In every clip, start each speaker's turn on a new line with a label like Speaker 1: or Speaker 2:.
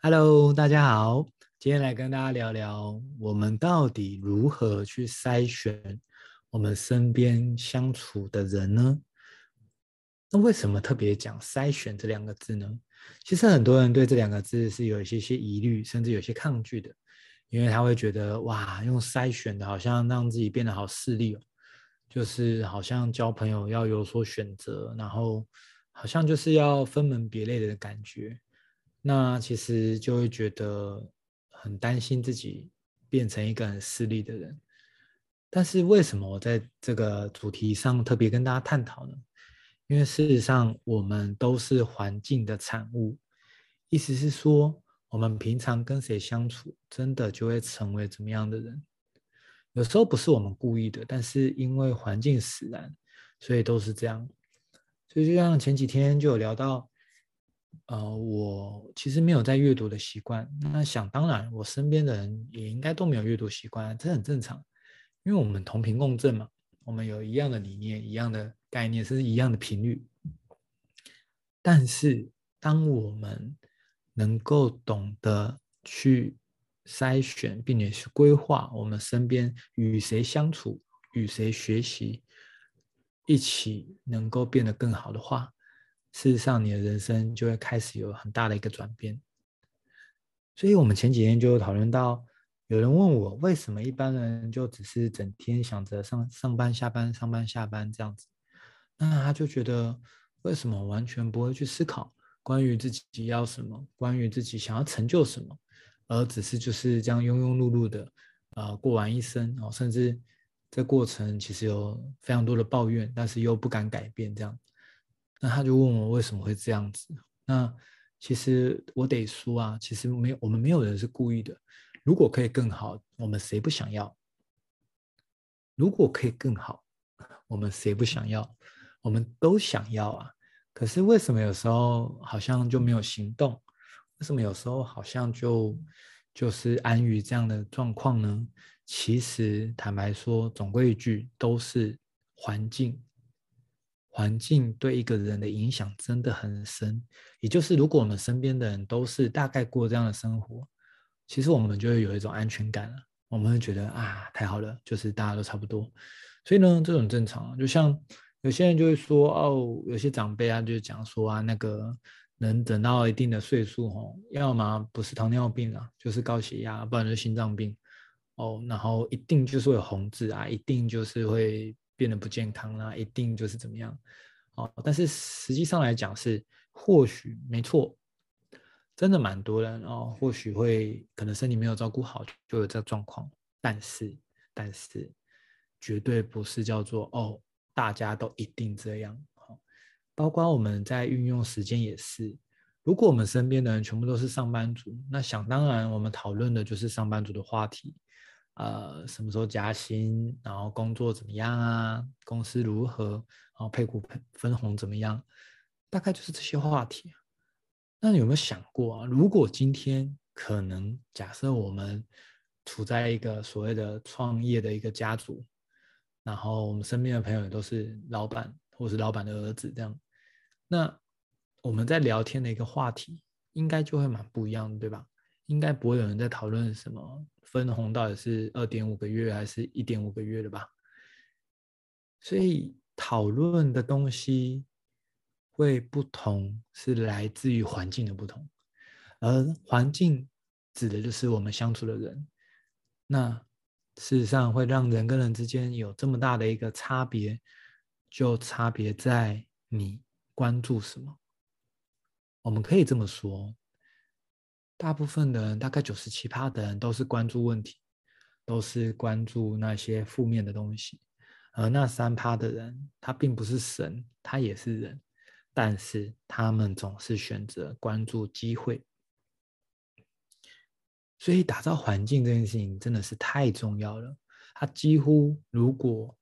Speaker 1: Hello，大家好，今天來跟大家聊聊，我們到底如何去篩選我們身邊相處的人呢？那為什麼特別講篩選這兩個字呢？其實很多人對這兩個字是有一些些疑慮，甚至有些抗拒的，因為他會覺得，哇，用篩選的，好像讓自己變得好勢利哦，就是好像交朋友要有所選擇，然後好像就是要分門別類的感覺。那其實就會覺得很擔心自己變成一個很勢利的人，但是為什麼我在這個主題上特別跟大家探討呢？因為事實上我們都是環境的產物，意思是說我們平常跟誰相處，真的就會成為怎麼樣的人。有時候不是我們故意的，但是因為環境使然，所以都是這樣。所以就像前幾天就有聊到。呃，我其實沒有在閱讀的習慣。那想當然，我身邊的人也應該都沒有閱讀習慣，這很正常，因為我們同頻共振嘛，我們有一樣的理念、一樣的概念，是一樣的頻率。但是，當我們能夠懂得去篩選，並且去規劃我們身邊與誰相處、與誰學習，一起能夠變得更好的話，事實上，你的人生就會開始有很大的一個轉變。所以，我們前幾天就討論到，有人問我，為什麼一般人就只是整天想着上上班、下班、上班、下班這樣子？那他就覺得，為什麼完全不會去思考關於自己要什麼，關於自己想要成就什麼，而只是就是這樣庸庸碌碌的啊、呃、過完一生，然後、哦，甚至這過程其實有非常多的抱怨，但是又不敢改變這樣。那他就問我為什麼會這樣子？那其實我得說啊，其實沒有，我們沒有人是故意的。如果可以更好，我們誰不想要？如果可以更好，我們誰不想要？我們都想要啊。可是為什麼有時候好像就沒有行動？為什麼有時候好像就就是安於這樣的狀況呢？其實坦白說，總歸一句，都是環境。環境對一個人的影響真的很深，也就是如果我們身邊的人都是大概過這樣的生活，其實我們就會有一種安全感了。我們會覺得啊，太好了，就是大家都差不多，所以呢，這種正常啊，就像有些人就會說，哦，有些長輩啊就講說啊，那個能等到一定的歲數哦，要麼不是糖尿病啊，就是高血壓，不然就是心臟病哦，然後一定就是有紅字啊，一定就是會。變得不健康啦，一定就是怎麼樣？哦，但是實際上來講是，或許沒錯，真的蠻多人哦，或許會可能身體沒有照顧好就有這狀況，但是但是絕對不是叫做哦，大家都一定這樣哦，包括我們在運用時間也是，如果我們身邊的人全部都是上班族，那想當然我們討論的就是上班族的話題。呃，什麼時候加薪？然後工作怎麼樣啊？公司如何？然後配股分紅怎麼樣？大概就是這些話題啊。那你有沒有想過啊？如果今天可能假設我們處在一個所謂的創業的一個家族，然後我們身邊的朋友也都是老闆或是老闆的兒子這樣，那我們在聊天的一個話題應該就會蠻不一樣，對吧？應該不會有人在討論什麼分紅到底是二點五個月還是一點五個月的吧？所以討論的東西會不同，是來自於環境的不同，而環境指的就是我們相處的人。那事實上會讓人跟人之間有這麼大的一個差別，就差別在你關注什麼。我們可以這麼說。大部分的人，大概九十七趴的人都是關注問題，都是關注那些負面的東西。而那三趴的人，他並不是神，他也是人，但是他們總是選擇關注機會。所以打造環境這件事情真的是太重要了。他幾乎，如果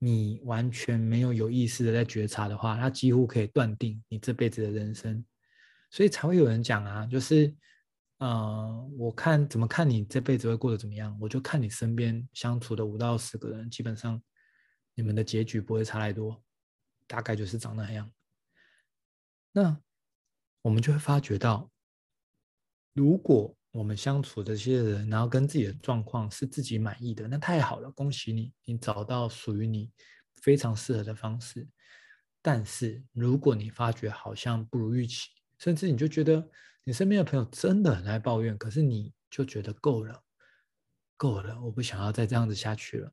Speaker 1: 你完全沒有有意識的在覺察的話，他幾乎可以斷定你這輩子的人生。所以才會有人講啊，就是。呃，我看，怎麼看你這輩子會過得怎麼樣，我就看你身邊相處的五到十個人，基本上你們的結局不會差太多，大概就是長那樣。那我們就會發覺到，如果我們相處這些人，然後跟自己的狀況是自己滿意的，那太好了，恭喜你，你找到屬於你非常適合的方式。但是如果你發覺好像不如預期，甚至你就覺得你身邊的朋友真的很愛抱怨，可是你就覺得夠了，夠了，我不想要再這樣子下去了。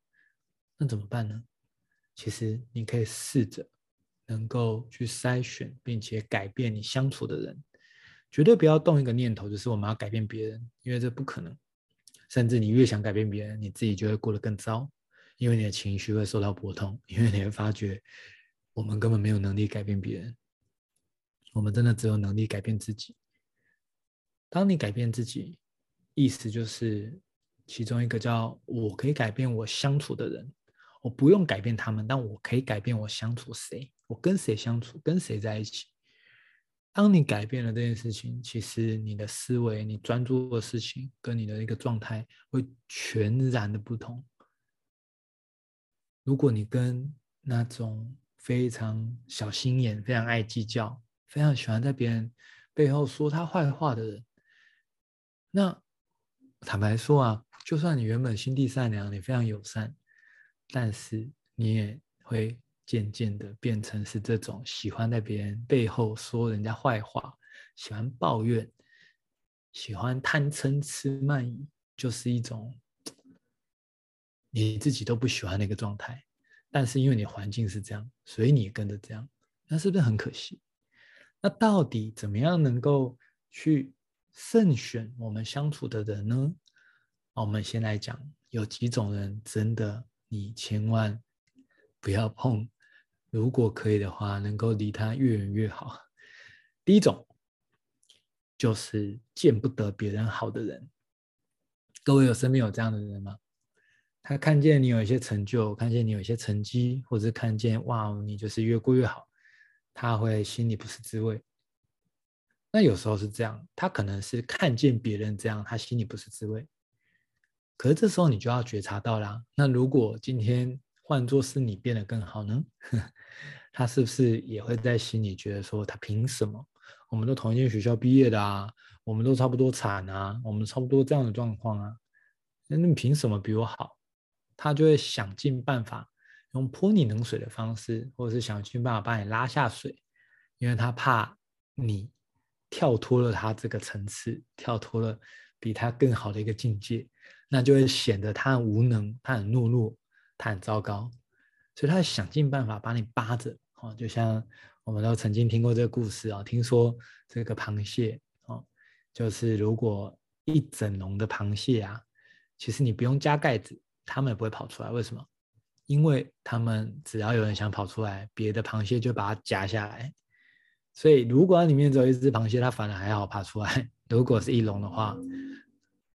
Speaker 1: 那怎麼辦呢？其實你可以試着能夠去篩選，並且改變你相處的人。絕對不要動一個念頭，就是我們要改變別人，因為這不可能。甚至你越想改變別人，你自己就會過得更糟，因為你的情緒會受到波動，因為你會發覺我們根本沒有能力改變別人。我們真的只有能力改變自己。當你改變自己，意思就是其中一個叫“我可以改變我相處的人”，我不用改變他們，但我可以改變我相處誰，我跟誰相處，跟誰在一起。當你改變了這件事情，其實你的思維、你專注的事情跟你的一個狀態會全然的不同。如果你跟那種非常小心眼、非常愛計較，非常喜歡在別人背後說他壞話的人，那坦白說啊，就算你原本心地善良，你非常友善，但是你也會漸漸的變成是這種喜歡在別人背後說人家壞話，喜歡抱怨，喜歡貪嗔痴慢疑，就是一種你自己都不喜歡的一個狀態。但是因為你的環境是這樣，所以你跟着這樣，那是不是很可惜？那到底怎麼樣能夠去慎選我們相處的人呢？我們先來講，有幾種人真的你千萬不要碰，如果可以的話，能夠離他越遠越好。第一種就是見不得別人好的人。各位有身邊有這樣的人嗎？他看見你有一些成就，看見你有一些成績，或者看見哇，你就是越過越好。他會心裡不是滋味，那有時候是這樣，他可能是看見別人這樣，他心裡不是滋味。可是這時候你就要覺察到啦，那如果今天換作是你變得更好呢， 他是不是也會在心裡覺得說，他憑什麼？我們都同一間學校畢業的啊，我們都差不多慘啊，我們差不多這樣的狀況啊，那你憑什麼比我好？他就會想盡辦法。用潑你冷水的方式，或者是想盡辦法把你拉下水，因為他怕你跳脫了他這個層次，跳脫了比他更好的一個境界，那就會顯得他很無能，他很懦弱，他很糟糕，所以他想盡辦法把你扒着。哦，就像我們都曾經聽過這個故事啊，哦，聽說這個螃蟹哦，就是如果一整籠的螃蟹啊，其實你不用加蓋子，它們也不會跑出來。為什麼？因為他們只要有人想跑出來，別的螃蟹就把它夾下來。所以如果裡面只有一隻螃蟹，它反而還好爬出來；如果是一籠的話，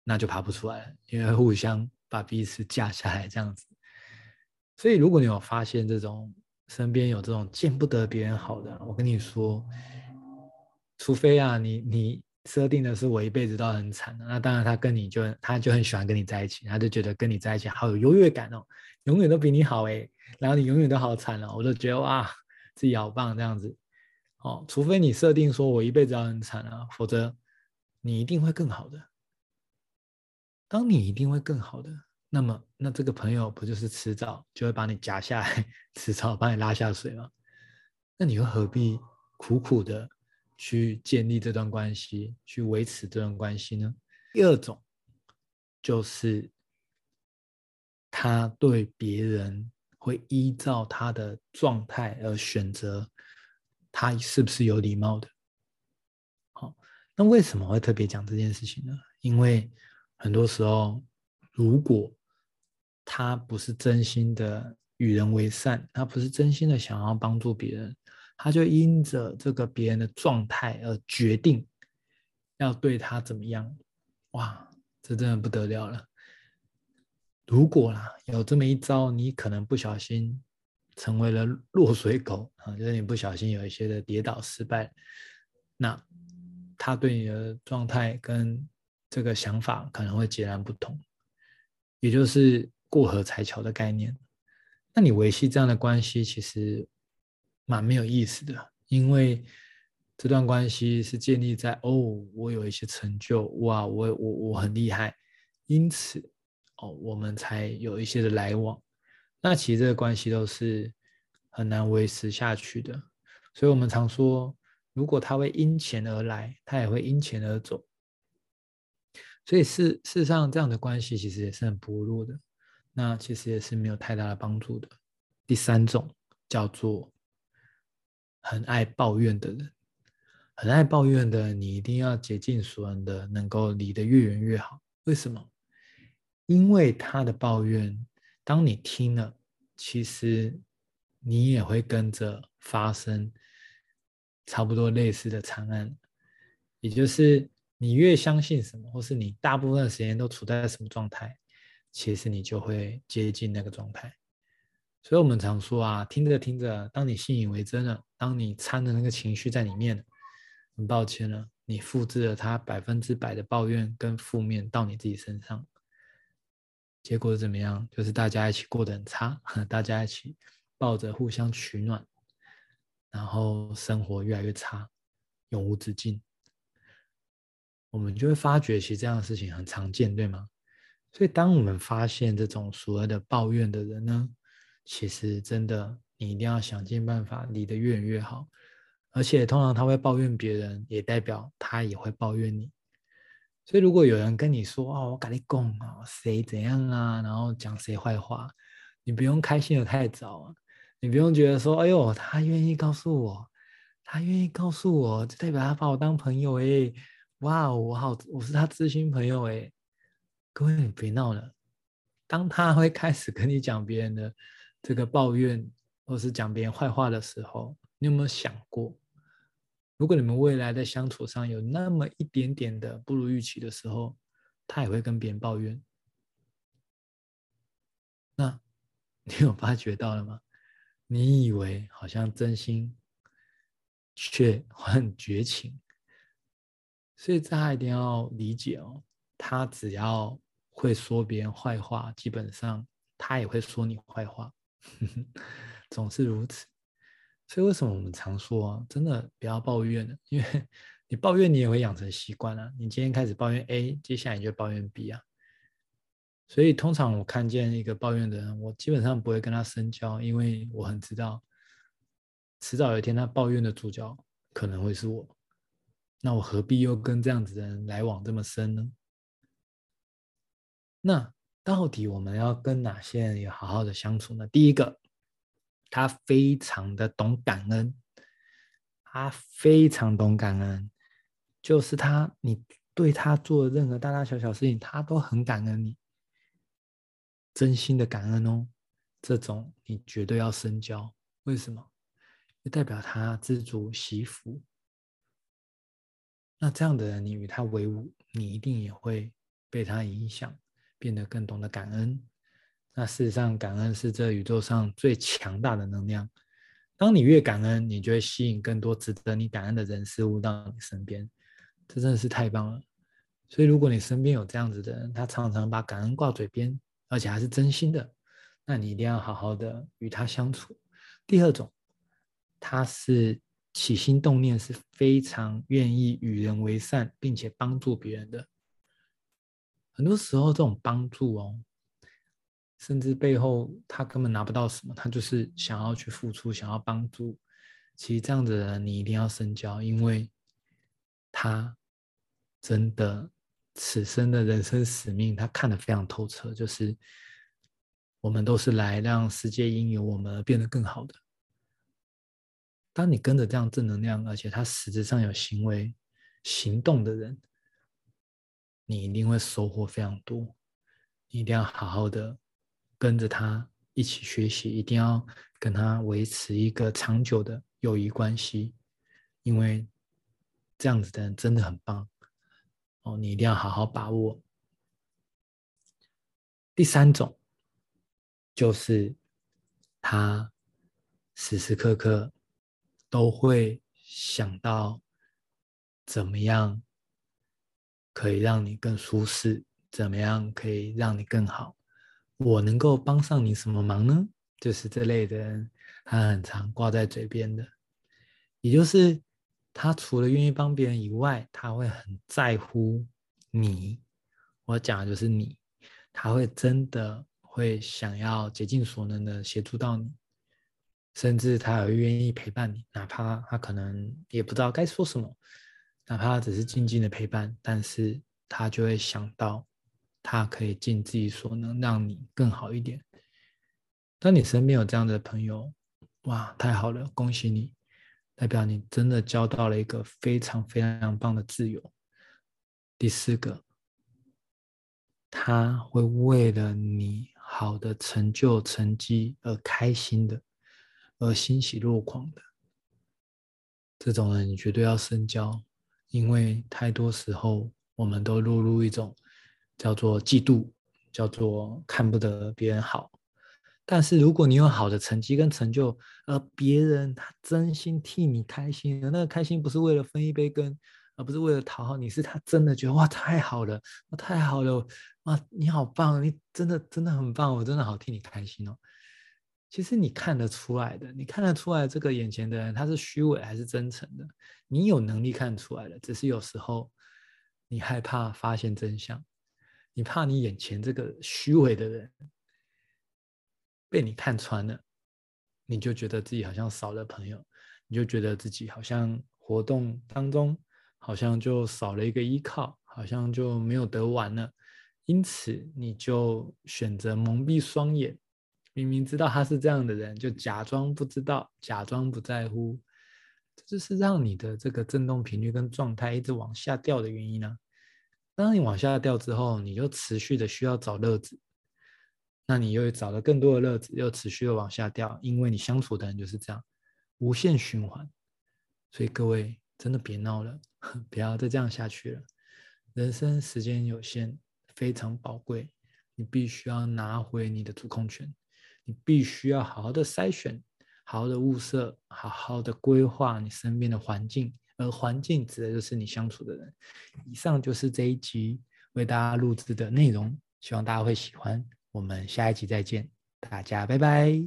Speaker 1: 那就爬不出來，因為互相把彼此夾下來這樣子。所以如果你有發現這種身邊有這種見不得別人好的，我跟你說，除非啊，你你。設定的是我一輩子都很慘的、啊，那當然他跟你就他就很喜歡跟你在一起，他就覺得跟你在一起好有優越感哦，永遠都比你好誒、欸。然後你永遠都好慘了、哦，我就覺得哇，自己好棒這樣子哦，除非你設定說我一輩子都很慘了、啊，否則你一定會更好的。當你一定會更好的，那麼那這個朋友不就是遲早就會把你夾下來， 遲早把你拉下水嗎？那你又何必苦苦的？去建立這段關係，去維持這段關係呢？第二種就是他對別人會依照他的狀態而選擇，他是不是有禮貌的。好，那為什麼會特別講這件事情呢？因為很多時候，如果他不是真心的與人為善，他不是真心的想要幫助別人。他就因着這個別人的狀態而決定要對他怎麼樣，哇，這真的不得了了。如果啦有這麼一招，你可能不小心成為了落水狗啊，就是你不小心有一些的跌倒失敗，那他對你的狀態跟這個想法可能會截然不同，也就是過河拆橋的概念。那你維繫這樣的關係，其實。蠻沒有意思的，因為這段關係是建立在哦，我有一些成就，哇，我我我很厲害，因此哦，我們才有一些的來往。那其實這個關係都是很難維持下去的，所以我們常說，如果他會因錢而來，他也會因錢而走。所以事事實上，這樣的關係其實也是很薄弱的，那其實也是沒有太大的幫助的。第三種叫做。很愛抱怨的人，很愛抱怨的你，一定要竭盡所能的，能夠離得越遠越好。為什麼？因為他的抱怨，當你聽了，其實你也會跟着發生差不多類似的慘案。也就是，你越相信什麼，或是你大部分的時間都處在什麼狀態，其實你就會接近那個狀態。所以我們常說啊，聽着聽着，當你信以為真了，當你摻著那個情緒在裡面了，很抱歉了，你複製了他百分之百的抱怨跟負面到你自己身上。結果是怎麼樣？就是大家一起過得很差，大家一起抱着互相取暖，然後生活越來越差，永無止境。我們就會發覺，其實這樣的事情很常見，對嗎？所以，當我們發現這種所謂的抱怨的人呢，其實真的，你一定要想盡辦法離得越遠越好。而且通常他會抱怨別人，也代表他也會抱怨你。所以如果有人跟你說啊，我跟你講啊，誰怎樣啊，然後講誰壞話，你不用開心得太早啊，你不用覺得說，哎喲，他願意告訴我，他願意告訴我，就代表他把我當朋友哎、欸，哇，我好，我是他知心朋友哎、欸。各位你別鬧了，當他會開始跟你講別人的。這個抱怨或是講別人壞話的時候，你有沒有想過，如果你們未來的相處上有那麼一點點的不如預期的時候，他也會跟別人抱怨。那你有發覺到了嗎？你以為好像真心，卻很絕情。所以大家一定要理解哦，他只要會說別人壞話，基本上他也會說你壞話。哼哼， 總是如此，所以為什麼我們常說啊，真的不要抱怨呢？因為你抱怨，你也會養成習慣啊。你今天開始抱怨 A，接下來你就抱怨 B 啊。所以通常我看見一個抱怨的人，我基本上不會跟他深交，因為我很知道，遲早有一天他抱怨的主角可能會是我。那我何必又跟這樣子的人來往這麼深呢？那。到底我們要跟哪些人有好好的相處呢？第一個，他非常的懂感恩，他非常懂感恩，就是他，你對他做任何大大小小事情，他都很感恩你，真心的感恩哦。這種你絕對要深交，為什麼？代表他知足惜福。那這樣的人，你與他為伍，你一定也會被他影響。變得更懂得感恩，那事實上，感恩是這宇宙上最強大的能量。當你越感恩，你就會吸引更多值得你感恩的人事物到你身邊，這真的是太棒了。所以，如果你身邊有這樣子的人，他常常把感恩掛嘴邊，而且還是真心的，那你一定要好好的與他相處。第二種，他是起心動念，是非常願意與人為善，並且幫助別人的。很多時候，這種幫助哦，甚至背後他根本拿不到什麼，他就是想要去付出，想要幫助。其實這樣子的人你一定要深交，因為他真的此生的人生使命，他看得非常透徹，就是我們都是來讓世界因有我們而變得更好的。當你跟着這樣正能量，而且他實質上有行為行動的人。你一定會收穫非常多，你一定要好好的跟着他一起學習，一定要跟他維持一個長久的友誼關係，因為這樣子的人真的很棒哦，你一定要好好把握。第三種就是他時時刻刻都會想到怎麼樣。可以讓你更舒適，怎麼樣可以讓你更好？我能夠幫上你什麼忙呢？就是這類的人，他很常掛在嘴邊的，也就是他除了願意幫別人以外，他會很在乎你。我講的就是你，他會真的會想要竭盡所能的協助到你，甚至他也會願意陪伴你，哪怕他可能也不知道該說什麼。哪怕只是靜靜的陪伴，但是他就會想到，他可以盡自己所能讓你更好一點。當你身邊有這樣的朋友，哇，太好了，恭喜你，代表你真的交到了一個非常非常棒的摯友。第四個，他會為了你好的成就、成績而開心的，而欣喜若狂的。這種人你絕對要深交。因為太多時候，我們都落入，入一種叫做嫉妒，叫做看不得別人好。但是如果你有好的成績跟成就，而、呃、別人他真心替你開心，那個開心不是為了分一杯羹，而、呃、不是為了討好你，是他真的覺得哇，太好了，太好了，哇、啊、你好棒，你真的真的很棒，我真的好替你開心哦。其實你看得出來的，你看得出來這個眼前的人他是虛偽還是真誠的，你有能力看出來的。只是有時候你害怕發現真相，你怕你眼前這個虛偽的人被你看穿了，你就覺得自己好像少了朋友，你就覺得自己好像活動當中好像就少了一個依靠，好像就沒有得玩了，因此你就選擇蒙蔽雙眼。明明知道他是這樣的人，就假裝不知道，假裝不在乎，這就是讓你的這個振動頻率跟狀態一直往下掉的原因呢、啊。當你往下掉之後，你就持續的需要找樂子，那你又找了更多的樂子，又持續的往下掉，因為你相處的人就是這樣，無限循環。所以各位真的別鬧了，不要再這樣下去了。人生時間有限，非常寶貴，你必須要拿回你的主控權。你必須要好好的篩選，好好的物色，好好的規劃你身邊的環境，而環境指的就是你相處的人。以上就是這一集為大家錄制的內容，希望大家會喜歡。我們下一集再見，大家拜拜。